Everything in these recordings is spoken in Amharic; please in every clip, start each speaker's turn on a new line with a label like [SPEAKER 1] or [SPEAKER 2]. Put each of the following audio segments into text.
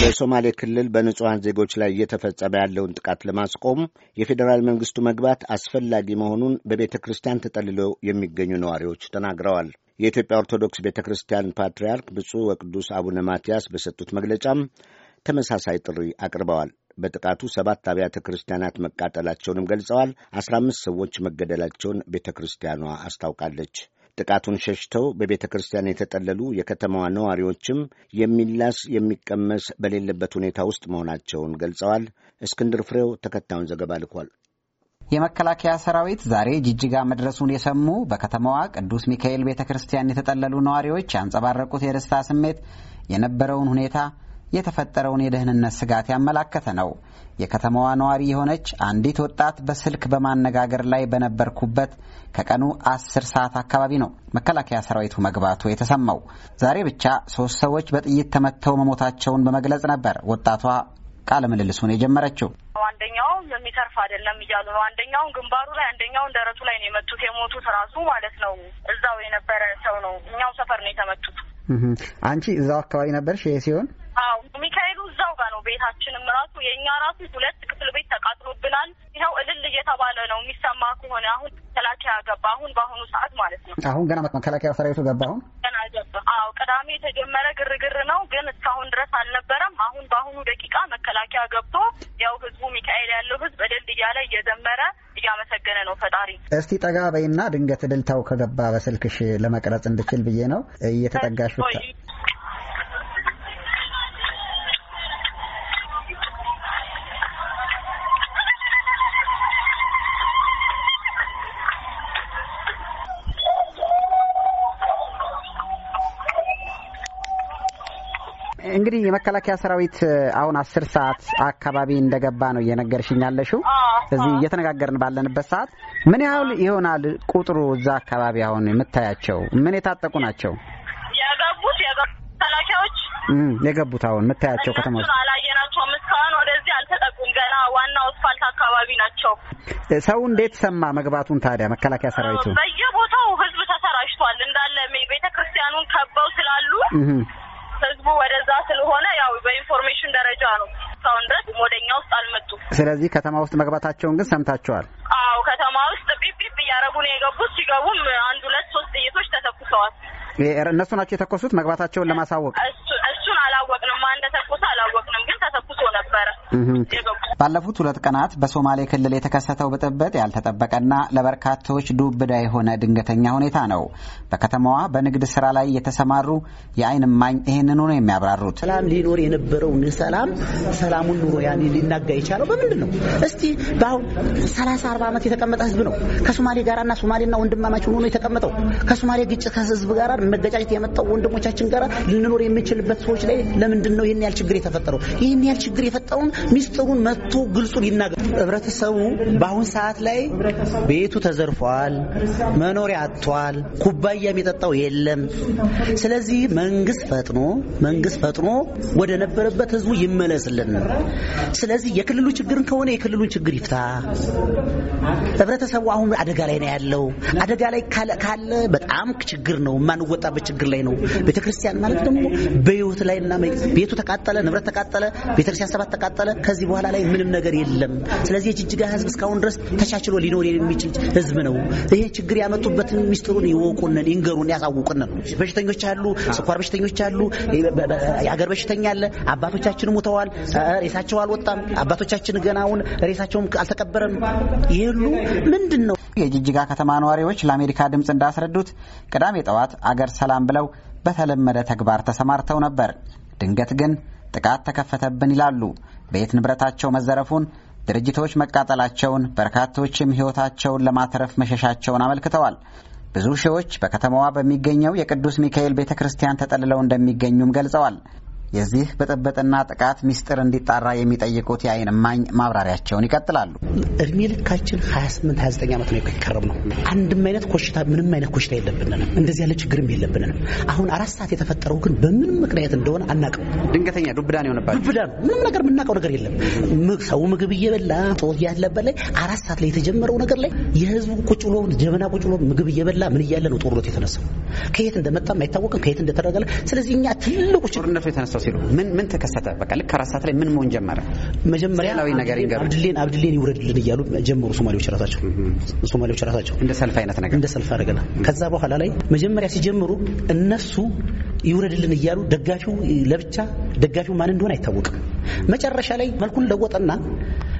[SPEAKER 1] በሶማሌ ክልል በንጹሐን ዜጎች ላይ እየተፈጸመ ያለውን ጥቃት ለማስቆም የፌዴራል መንግስቱ መግባት አስፈላጊ መሆኑን በቤተ ክርስቲያን ተጠልለው የሚገኙ ነዋሪዎች ተናግረዋል። የኢትዮጵያ ኦርቶዶክስ ቤተ ክርስቲያን ፓትርያርክ ብፁዕ ወቅዱስ አቡነ ማትያስ በሰጡት መግለጫም ተመሳሳይ ጥሪ አቅርበዋል። በጥቃቱ ሰባት አብያተ ክርስቲያናት መቃጠላቸውንም ገልጸዋል። አስራ አምስት ሰዎች መገደላቸውን ቤተ ክርስቲያኗ አስታውቃለች። ጥቃቱን ሸሽተው በቤተ ክርስቲያን የተጠለሉ የከተማዋ ነዋሪዎችም የሚላስ የሚቀመስ በሌለበት ሁኔታ ውስጥ መሆናቸውን ገልጸዋል። እስክንድር ፍሬው ተከታዩን ዘገባ ልኳል። የመከላከያ ሰራዊት ዛሬ ጅጅጋ መድረሱን የሰሙ በከተማዋ ቅዱስ ሚካኤል ቤተ ክርስቲያን የተጠለሉ ነዋሪዎች ያንጸባረቁት የደስታ ስሜት የነበረውን ሁኔታ የተፈጠረውን የደህንነት ስጋት ያመላከተ ነው። የከተማዋ ነዋሪ የሆነች አንዲት ወጣት በስልክ በማነጋገር ላይ በነበርኩበት ከቀኑ አስር ሰዓት አካባቢ ነው መከላከያ ሰራዊቱ መግባቱ የተሰማው። ዛሬ ብቻ ሶስት ሰዎች በጥይት ተመተው መሞታቸውን በመግለጽ ነበር ወጣቷ ቃለ ምልልሱን የጀመረችው።
[SPEAKER 2] አንደኛው የሚተርፍ አይደለም እያሉ ነው። አንደኛውን ግንባሩ ላይ፣ አንደኛውን ደረቱ ላይ ነው የመቱት። የሞቱት ራሱ
[SPEAKER 1] ማለት ነው እዛው የነበረ ሰው ነው። እኛው ሰፈር ነው የተመቱት። አንቺ እዛው አካባቢ ነበርሽ ይሄ ሲሆን
[SPEAKER 2] ራሱ የእኛ ራሱ ሁለት ክፍል ቤት ተቃጥሎብናል። ይኸው እልል እየተባለ ነው የሚሰማ ከሆነ አሁን መከላከያ ገባ። አሁን በአሁኑ ሰዓት ማለት ነው። አሁን
[SPEAKER 1] ገና መከላከያ ሰራዊቱ ገባ። አሁን
[SPEAKER 2] ገና ገባ። አዎ ቅዳሜ የተጀመረ ግርግር ነው፣ ግን እስካሁን ድረስ አልነበረም። አሁን በአሁኑ ደቂቃ መከላከያ ገብቶ ያው ህዝቡ ሚካኤል ያለው ህዝብ እልል እያለ እየዘመረ እያመሰገነ
[SPEAKER 1] ነው ፈጣሪ። እስቲ ጠጋ በይና ድንገት እልልታው ከገባ በስልክሽ ለመቅረጽ እንድችል ብዬ ነው እየተጠጋሽ እንግዲህ የመከላከያ ሰራዊት አሁን አስር ሰዓት አካባቢ እንደገባ ነው እየነገርሽኝ ያለሽው። እዚህ እየተነጋገርን ባለንበት ሰዓት ምን ያህል ይሆናል ቁጥሩ? እዛ አካባቢ አሁን የምታያቸው ምን የታጠቁ ናቸው
[SPEAKER 2] የገቡት? መከላከያዎች
[SPEAKER 1] የገቡት አሁን የምታያቸው ከተማ አላየናቸውም።
[SPEAKER 2] እስካሁን ወደዚህ አልተጠቁም። ገና ዋናው አስፋልት አካባቢ
[SPEAKER 1] ናቸው። ሰው እንዴት ሰማ መግባቱን ታዲያ? መከላከያ ሰራዊቱ በየቦታው ህዝብ
[SPEAKER 2] ተሰራጭቷል እንዳለ ቤተክርስቲያኑን ከበው
[SPEAKER 1] ስላሉ ህዝቡ ወደዛ
[SPEAKER 2] ስለሆነ ያው በኢንፎርሜሽን ደረጃ ነው እስካሁን ድረስ ወደኛ ውስጥ አልመጡም።
[SPEAKER 1] ስለዚህ ከተማ ውስጥ መግባታቸውን ግን ሰምታቸዋል?
[SPEAKER 2] አዎ ከተማ ውስጥ ቢፕ ቢፕ እያደረጉ ነው የገቡት። ሲገቡም አንድ ሁለት ሶስት ጥይቶች ተተኩሰዋል።
[SPEAKER 1] እነሱ ናቸው የተኮሱት መግባታቸውን ለማሳወቅ ነበረ። ባለፉት ሁለት ቀናት በሶማሌ ክልል የተከሰተው ብጥብጥ ያልተጠበቀና ለበርካታዎች ዱብ እዳ የሆነ ድንገተኛ ሁኔታ ነው። በከተማዋ በንግድ ስራ ላይ የተሰማሩ የአይን እማኝ ይህንኑ ነው የሚያብራሩት።
[SPEAKER 3] ሰላም ሊኖር የነበረውን ሰላም ሰላሙን ኑሮ ያኔ ሊናጋ የቻለው በምንድን ነው? እስቲ በአሁን ሰላሳ አርባ ዓመት የተቀመጠ ህዝብ ነው ከሶማሌ ጋራና ሶማሌና ወንድማማች ሆኖ የተቀመጠው። ከሶማሌ ግጭት ከህዝብ ጋር መገጫጨት የመጣው ወንድሞቻችን ጋር ልንኖር የምንችልበት ሰዎች ላይ ለምንድን ነው ይህን ያህል ችግር የተፈጠረው? ይህን ያህል ችግር ችግር የፈጠውን ሚስጥሩን መጥቶ ግልጹ ሊናገር። ህብረተሰቡ በአሁን ሰዓት ላይ ቤቱ ተዘርፏል፣ መኖሪያ አጥቷል፣ ኩባያ የሚጠጣው የለም። ስለዚህ መንግስት ፈጥኖ መንግስት ፈጥኖ ወደ ነበረበት ህዝቡ ይመለስልን። ስለዚህ የክልሉ ችግርን ከሆነ የክልሉን ችግር ይፍታ። ህብረተሰቡ አሁን አደጋ ላይ ነው ያለው። አደጋ ላይ ካለ በጣም ችግር ነው፣ የማንወጣበት ችግር ላይ ነው። ቤተክርስቲያን ማለት ደግሞ በህይወት ላይ እና ቤቱ ተቃጠለ፣ ንብረት ተቃጠለ፣ ቤተክርስቲያን 2017 ተቃጠለ። ከዚህ በኋላ ላይ ምንም ነገር የለም። ስለዚህ የጅጅጋ ህዝብ እስካሁን ድረስ ተቻችሎ ሊኖር የሚችል ህዝብ ነው። ይሄ ችግር ያመጡበትን ሚስጥሩን ይወቁንን፣ ይንገሩን፣ ያሳውቁንን። በሽተኞች አሉ፣ ስኳር በሽተኞች አሉ፣ የአገር በሽተኛ አለ። አባቶቻችን ሙተዋል፣ ሬሳቸው አልወጣም። አባቶቻችን ገናውን ሬሳቸውም አልተቀበረም።
[SPEAKER 1] ይሄ ሁሉ ምንድን ነው? የጅጅጋ ከተማ ነዋሪዎች ለአሜሪካ ድምፅ እንዳስረዱት ቅዳሜ ጠዋት አገር ሰላም ብለው በተለመደ ተግባር ተሰማርተው ነበር። ድንገት ግን ጥቃት ተከፈተብን ይላሉ። ቤት ንብረታቸው መዘረፉን፣ ድርጅቶች መቃጠላቸውን፣ በርካቶችም ሕይወታቸውን ለማትረፍ መሸሻቸውን አመልክተዋል። ብዙ ሺዎች በከተማዋ በሚገኘው የቅዱስ ሚካኤል ቤተ ክርስቲያን ተጠልለው እንደሚገኙም ገልጸዋል። የዚህ በጠበጠና ጥቃት ሚስጥር እንዲጣራ የሚጠይቁት የአይን እማኝ ማብራሪያቸውን ይቀጥላሉ።
[SPEAKER 3] እድሜ ልካችን 28 29 ዓመት ነው የቀረብ ነው። አንድም አይነት ኮሽታ ምንም አይነት ኮሽታ የለብንንም። እንደዚህ ያለ ችግርም የለብንንም። አሁን አራት ሰዓት የተፈጠረው ግን በምን ምክንያት እንደሆነ አናውቅም።
[SPEAKER 1] ድንገተኛ ዱብዳን ነው የሆነባቸው።
[SPEAKER 3] ዱብዳ ነው። ምንም ነገር የምናውቀው ነገር የለም። ሰው ምግብ እየበላ ጦት ያለበት ላይ አራት ሰዓት ላይ የተጀመረው ነገር ላይ የህዝቡ ቁጭ ብሎ ጀበና ቁጭ ብሎ ምግብ እየበላ ምን እያለ ነው ጦርነት የተነሳው። ከየት እንደመጣም አይታወቅም፣ ከየት እንደተደረገለ። ስለዚህ እኛ ትልቁ ጦርነቱ የተነሳው ሲሉ ምን ምን ተከሰተ? በቃ ልክ አራት ሰዓት ላይ ምን መሆን ጀመረ? መጀመሪያ ላይ ነገር ይገርም አብድሌን አብድሌን ይውረድልን እያሉ ጀመሩ። ሶማሌዎች ራሳቸው ሶማሌዎች ራሳቸው እንደ ሰልፍ አይነት ነገር እንደ ሰልፍ አድርገናል። ከዛ በኋላ ላይ መጀመሪያ ሲጀምሩ እነሱ ይውረድልን እያሉ ደጋፊው ለብቻ ደጋፊው ማን እንደሆነ አይታወቅም። መጨረሻ ላይ መልኩን ለወጠና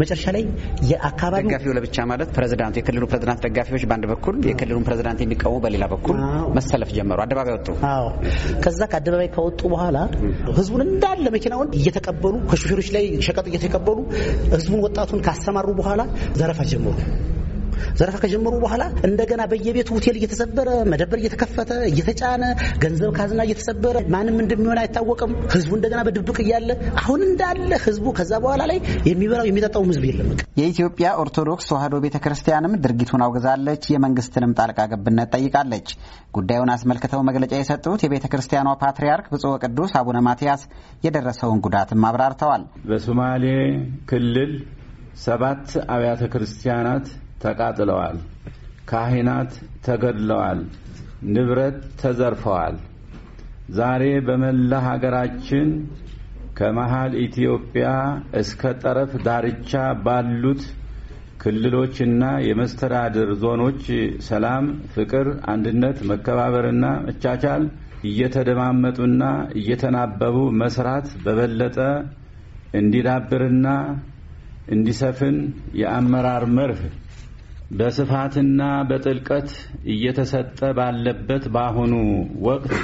[SPEAKER 1] መጨረሻ ላይ የአካባቢ ደጋፊው ለብቻ ማለት ፕሬዚዳንቱ የክልሉ ፕሬዚዳንት ደጋፊዎች በአንድ በኩል የክልሉን ፕሬዚዳንት የሚቃወሙ በሌላ በኩል መሰለፍ ጀመሩ። አደባባይ ወጡ። አዎ፣
[SPEAKER 3] ከዛ ከአደባባይ ከወጡ በኋላ ህዝቡን እንዳለ መኪናውን እየተቀበሉ ከሾፌሮች ላይ ሸቀጥ እየተቀበሉ ህዝቡን ወጣቱን ካሰማሩ በኋላ ዘረፋ ጀመሩ። ዘረፋ ከጀመሩ በኋላ እንደገና በየቤቱ ሆቴል እየተሰበረ መደብር እየተከፈተ እየተጫነ ገንዘብ ካዝና እየተሰበረ ማንም እንደሚሆን አይታወቅም። ህዝቡ እንደገና በድብቅ እያለ አሁን እንዳለ ህዝቡ ከዛ በኋላ ላይ የሚበላው የሚጠጣውም ህዝብ የለም።
[SPEAKER 1] የኢትዮጵያ ኦርቶዶክስ ተዋሕዶ ቤተ ክርስቲያንም ድርጊቱን አውግዛለች፣ የመንግስትንም ጣልቃ ገብነት ጠይቃለች። ጉዳዩን አስመልክተው መግለጫ የሰጡት የቤተ ክርስቲያኗ ፓትርያርክ ብፁዕ ቅዱስ አቡነ ማትያስ የደረሰውን ጉዳትም
[SPEAKER 4] አብራርተዋል። በሶማሌ ክልል ሰባት አብያተ ክርስቲያናት ተቃጥለዋል። ካህናት ተገድለዋል። ንብረት ተዘርፈዋል። ዛሬ በመላ ሀገራችን ከመሃል ኢትዮጵያ እስከ ጠረፍ ዳርቻ ባሉት ክልሎችና የመስተዳድር ዞኖች ሰላም፣ ፍቅር፣ አንድነት፣ መከባበርና መቻቻል እየተደማመጡና እየተናበቡ መስራት በበለጠ እንዲዳብርና እንዲሰፍን የአመራር መርህ በስፋትና በጥልቀት እየተሰጠ ባለበት በአሁኑ ወቅት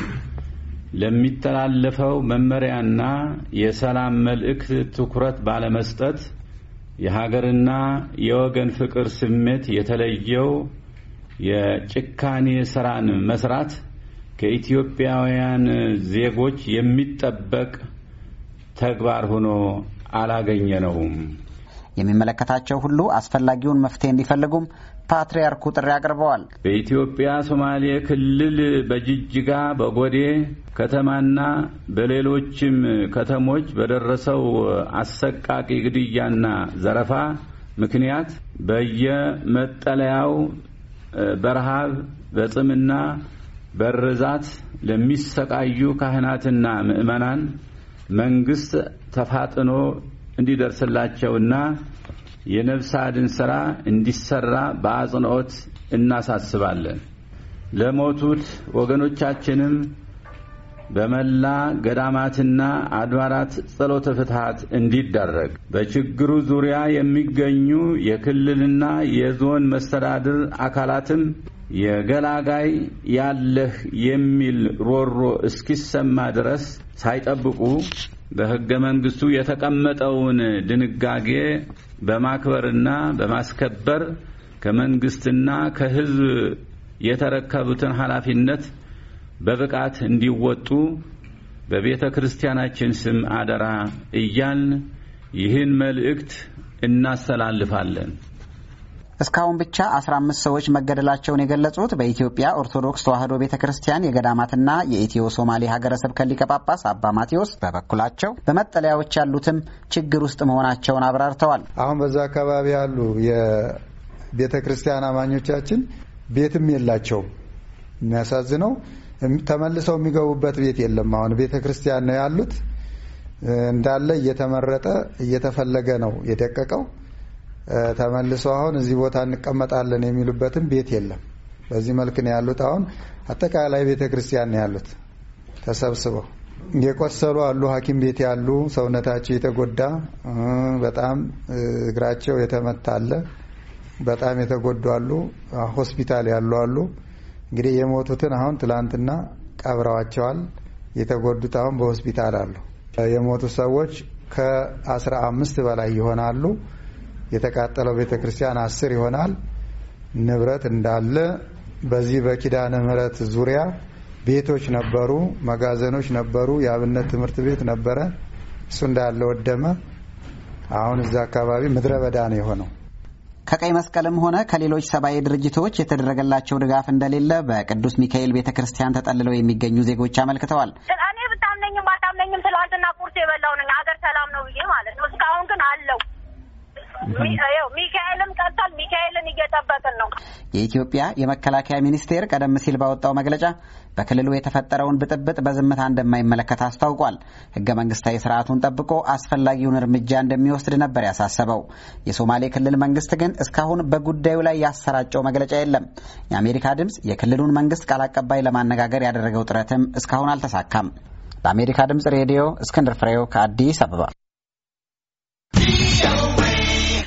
[SPEAKER 4] ለሚተላለፈው መመሪያና የሰላም መልእክት ትኩረት ባለመስጠት የሀገርና የወገን ፍቅር ስሜት የተለየው የጭካኔ ስራን መስራት ከኢትዮጵያውያን ዜጎች የሚጠበቅ ተግባር ሆኖ አላገኘ ነውም።
[SPEAKER 1] የሚመለከታቸው ሁሉ አስፈላጊውን መፍትሄ እንዲፈልጉም ፓትርያርኩ ጥሪ አቅርበዋል።
[SPEAKER 4] በኢትዮጵያ ሶማሌ ክልል በጅጅጋ በጎዴ ከተማና በሌሎችም ከተሞች በደረሰው አሰቃቂ ግድያና ዘረፋ ምክንያት በየመጠለያው በረሃብ በጽምና በርዛት ለሚሰቃዩ ካህናትና ምዕመናን መንግስት ተፋጥኖ እንዲደርስላቸውና የነፍስ አድን ሥራ እንዲሠራ በአጽንኦት እናሳስባለን። ለሞቱት ወገኖቻችንም በመላ ገዳማትና አድባራት ጸሎተ ፍትሐት እንዲደረግ በችግሩ ዙሪያ የሚገኙ የክልልና የዞን መስተዳድር አካላትም የገላጋይ ያለህ የሚል ሮሮ እስኪሰማ ድረስ ሳይጠብቁ በሕገ መንግስቱ የተቀመጠውን ድንጋጌ በማክበርና በማስከበር ከመንግስትና ከህዝብ የተረከቡትን ኃላፊነት በብቃት እንዲወጡ በቤተ ክርስቲያናችን ስም አደራ እያልን ይህን መልእክት እናስተላልፋለን።
[SPEAKER 1] እስካሁን ብቻ 15 አምስት ሰዎች መገደላቸውን የገለጹት በኢትዮጵያ ኦርቶዶክስ ተዋሕዶ ቤተ ክርስቲያን የገዳማትና የኢትዮ ሶማሌ ሀገረ ስብከት ሊቀ ጳጳስ አባ ማቴዎስ በበኩላቸው በመጠለያዎች
[SPEAKER 5] ያሉትም ችግር ውስጥ መሆናቸውን አብራርተዋል። አሁን በዛ አካባቢ ያሉ የቤተ ክርስቲያን አማኞቻችን ቤትም የላቸውም። የሚያሳዝነው ተመልሰው የሚገቡበት ቤት የለም። አሁን ቤተ ክርስቲያን ነው ያሉት። እንዳለ እየተመረጠ እየተፈለገ ነው የደቀቀው። ተመልሶ አሁን እዚህ ቦታ እንቀመጣለን የሚሉበትም ቤት የለም። በዚህ መልክ ነው ያሉት። አሁን አጠቃላይ ቤተ ክርስቲያን ነው ያሉት ተሰብስበው። የቆሰሉ አሉ፣ ሐኪም ቤት ያሉ ሰውነታቸው የተጎዳ በጣም እግራቸው የተመታ አለ፣ በጣም የተጎዱ አሉ፣ ሆስፒታል ያሉ አሉ። እንግዲህ የሞቱትን አሁን ትላንትና ቀብረዋቸዋል። የተጎዱት አሁን በሆስፒታል አሉ። የሞቱ ሰዎች ከአስራ አምስት በላይ ይሆናሉ። የተቃጠለው ቤተ ክርስቲያን አስር ይሆናል ንብረት እንዳለ በዚህ በኪዳነ ምሕረት ዙሪያ ቤቶች ነበሩ፣ መጋዘኖች ነበሩ፣ የአብነት ትምህርት ቤት ነበረ። እሱ እንዳለ ወደመ። አሁን እዛ አካባቢ ምድረ በዳ ነው የሆነው። ከቀይ መስቀልም
[SPEAKER 1] ሆነ ከሌሎች ሰብአዊ ድርጅቶች የተደረገላቸው ድጋፍ እንደሌለ በቅዱስ ሚካኤል ቤተ ክርስቲያን ተጠልለው የሚገኙ ዜጎች አመልክተዋል።
[SPEAKER 2] እኔ ብታምነኝም ባታምነኝም ትላንትና ቁርስ የበላው አገር ሰላም ነው ብዬ ማለት ነው። እስካሁን ግን አለው ሚካኤልም ቀጥታል። ሚካኤልን እየጠበቅን
[SPEAKER 1] ነው። የኢትዮጵያ የመከላከያ ሚኒስቴር ቀደም ሲል ባወጣው መግለጫ በክልሉ የተፈጠረውን ብጥብጥ በዝምታ እንደማይመለከት አስታውቋል። ሕገ መንግስታዊ ስርዓቱን ጠብቆ አስፈላጊውን እርምጃ እንደሚወስድ ነበር ያሳሰበው። የሶማሌ ክልል መንግስት ግን እስካሁን በጉዳዩ ላይ ያሰራጨው መግለጫ የለም። የአሜሪካ ድምፅ የክልሉን መንግስት ቃል አቀባይ ለማነጋገር ያደረገው ጥረትም እስካሁን አልተሳካም። ለአሜሪካ ድምፅ ሬዲዮ እስክንድር ፍሬው ከአዲስ አበባ